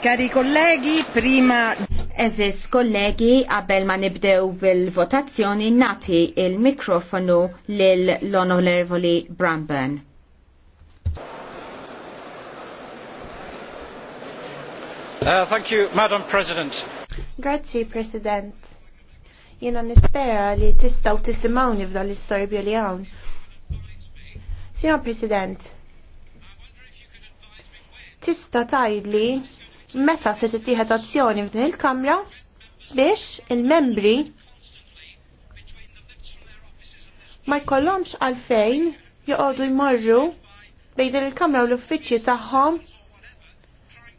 Cari colleghi, prima Eżis kollegi, qabel ma nibdew bil-votazzjoni, nati il-mikrofonu lill-Onorevoli Bramburn. Uh, thank you, Madam President. Grazzi, President. Jena nispera li tistaw tisimawni f'dan l-istorbju li hawn. Signor President, tista' tgħidli meta se tittieħed azzjoni f'din il-Kamra biex il-membri ma jkollhomx għalfejn joqogħdu jmorru bejn il-Kamra u l-uffiċċji tagħhom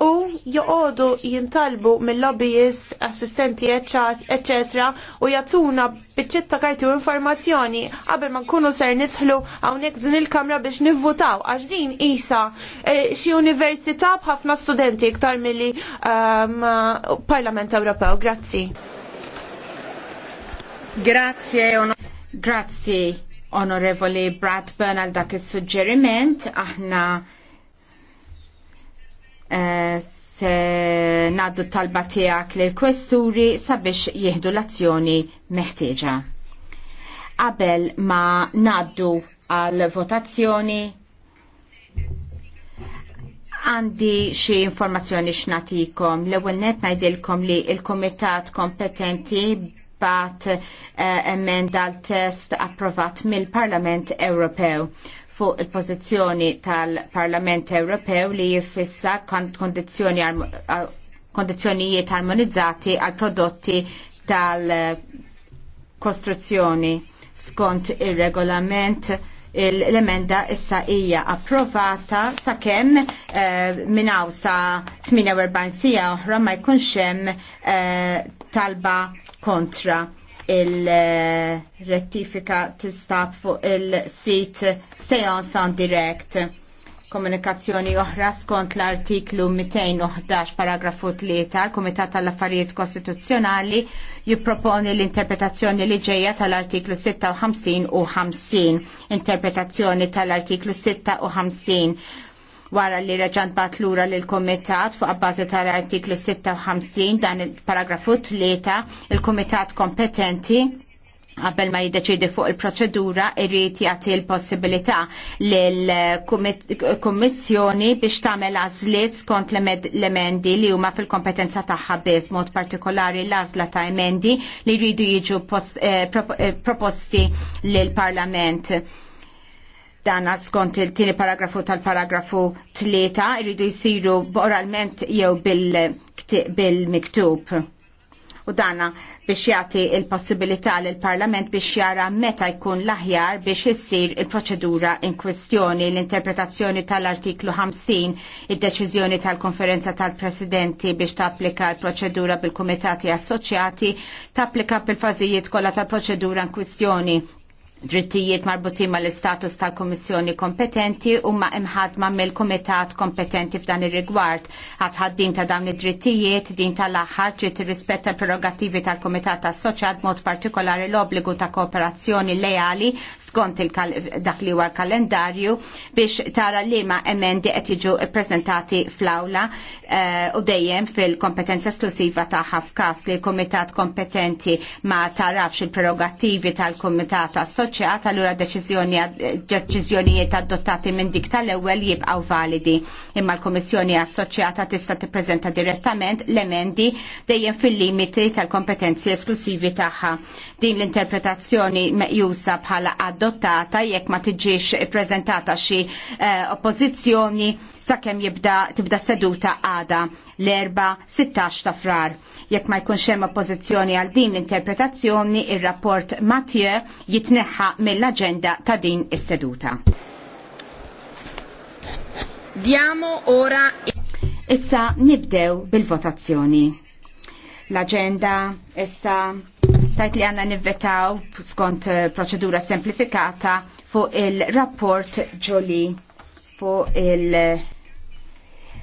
u joqogħdu jintalbu mill-lobbyist, assistenti, eccetera, u jagħtuna biċċetta kajtu informazzjoni qabel ma nkunu ser nidħlu hawnhekk din il-kamra biex nivvutaw għax din isa eh, xi università b'ħafna studenti iktar milli ehm, Parlament Ewropew. Grazzi. Grazie, on Grazie, onorevoli Bradburn, għal dak is-suġġeriment. Aħna Eh, se naddu talba tiegħek lill kwesturi sabiex jieħdu l-azzjoni meħtieġa. Qabel ma naddu għal votazzjoni għandi xi informazzjoni x'natikom. L-ewwel net ngħidilkom li l-kumitat kompetenti bat eh, emenda l-test approvat mill-Parlament Ewropew fuq il-pożizzjoni tal-Parlament Ewropew li jiffissa kondizzjonijiet armonizzati għal prodotti tal-kostruzzjoni skont il-regolament l-emenda issa hija approvata sakemm eh, minnaw sa 48 sija oħra ma jkunx hemm eh, talba kontra il-rettifika t-istab fuq il-sit Seance on Direct. Komunikazzjoni oħra skont l-artiklu 211 paragrafu 3 tal-Kumitat tal-Affarijiet Kostituzzjonali jipproponi l-interpretazzjoni li ġejja tal-artiklu 56 u 50, interpretazzjoni tal-artiklu 56 wara li reġant lura lil komitat fuq abbażi tal-artiklu 56 dan il-paragrafu 3 il-komitat kompetenti qabel ma jiddeċidi fuq il-proċedura irrid jagħti l-possibilità lill kummissjoni biex tagħmel għażliet skont l-emendi li huma fil-kompetenza tagħha biss mod partikolari l-għażla ta' emendi li jridu jiġu eh, eh, proposti lill-Parlament dana skont il-tieni paragrafu tal-paragrafu tlieta jridu jsiru oralment jew bil-miktub. Bil U dana biex jagħti il-possibilità l parlament biex jara meta jkun l-aħjar biex issir il-proċedura in kwestjoni l-interpretazzjoni tal-artiklu 50 id-deċiżjoni tal-konferenza tal-presidenti biex tapplika l-proċedura bil-komitati assoċjati tapplika bil-fażijiet kollha tal-proċedura in kwestjoni drittijiet ma l istatus tal-Komissjoni kompetenti u ma imħadma mill kumitat kompetenti f'dan ir-rigward. Għadħad din ta' dawn id-drittijiet, din tal-aħħar trid rispetta l-prerogativi tal-Kumitat Assoċjat mod partikolari l-obbligu ta' kooperazzjoni lejali skont dak li huwa kalendarju biex tara li ma emendi qed jiġu ppreżentati fl-awla eh, u dejjem fil-kompetenza esklusiva ta' ħafkas li l-Kumitat kompetenti ma tarafx il-prerogativi tal-Kumitat Assoċjat assoċjat allura deċiżjonijiet adottati minn dik tal-ewwel jibqgħu validi. Imma l-Kummissjoni assoċjata tista' tippreżenta direttament l-emendi dejjem fil-limiti tal-kompetenzi esklusivi tagħha. Din l-interpretazzjoni meqjusa bħala adottata jekk ma tiġix ippreżentata xi eh, oppożizzjoni sakemm jibda tibda seduta għada l-erba 16 ta' frar. Jekk ma jkunx hemm oppożizzjoni għal din l-interpretazzjoni, ir-rapport Mathieu jitneħħa sħiħa mill-aġenda ta' din is-seduta. Diamo ora Issa nibdew bil-votazzjoni. L-aġenda issa tajt li għanna nivvetaw skont eh, proċedura semplifikata fuq il-rapport ġoli fuq il-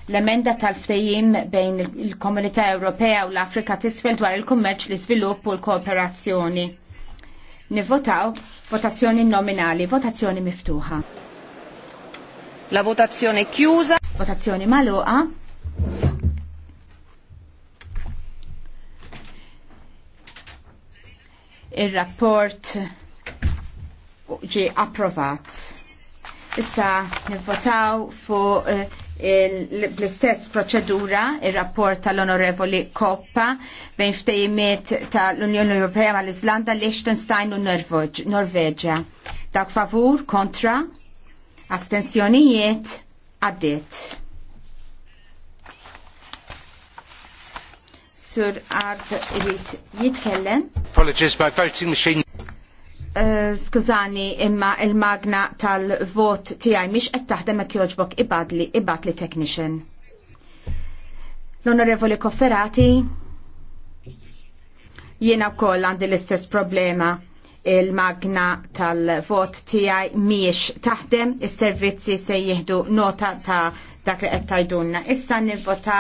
l-emenda tal-ftejim bejn il-Komunità Ewropea u l-Afrika tisfel dwar il-kummerċ, l-iżvilupp u l-kooperazzjoni nivvotaw votazzjoni nominali, votazzjoni miftuħa. La votazzjoni chiusa. Votazzjoni maluqa. Il-rapport ġi approvat. Issa nivvotaw fuq eh, bl-istess proċedura il-rapport tal-Onorevoli Koppa bejn ftejimiet tal-Unjoni Ewropea mal iżlanda Liechtenstein u Norveġa. Dak favur, kontra, astensjonijiet, għaddit. Sur Ard jitkellem. Apologies, my voting machine. Eh, skużani imma il-magna tal-vot tiegħi miex qed taħdem hekk jogħġbok ibadli ibadli technician. L-Onorevoli Kofferati jiena koll għandi l-istess problema il-magna tal-vot tiegħi miex taħdem, is-servizzi se jieħdu nota ta' dak li qed tajdunna. Issa nivvota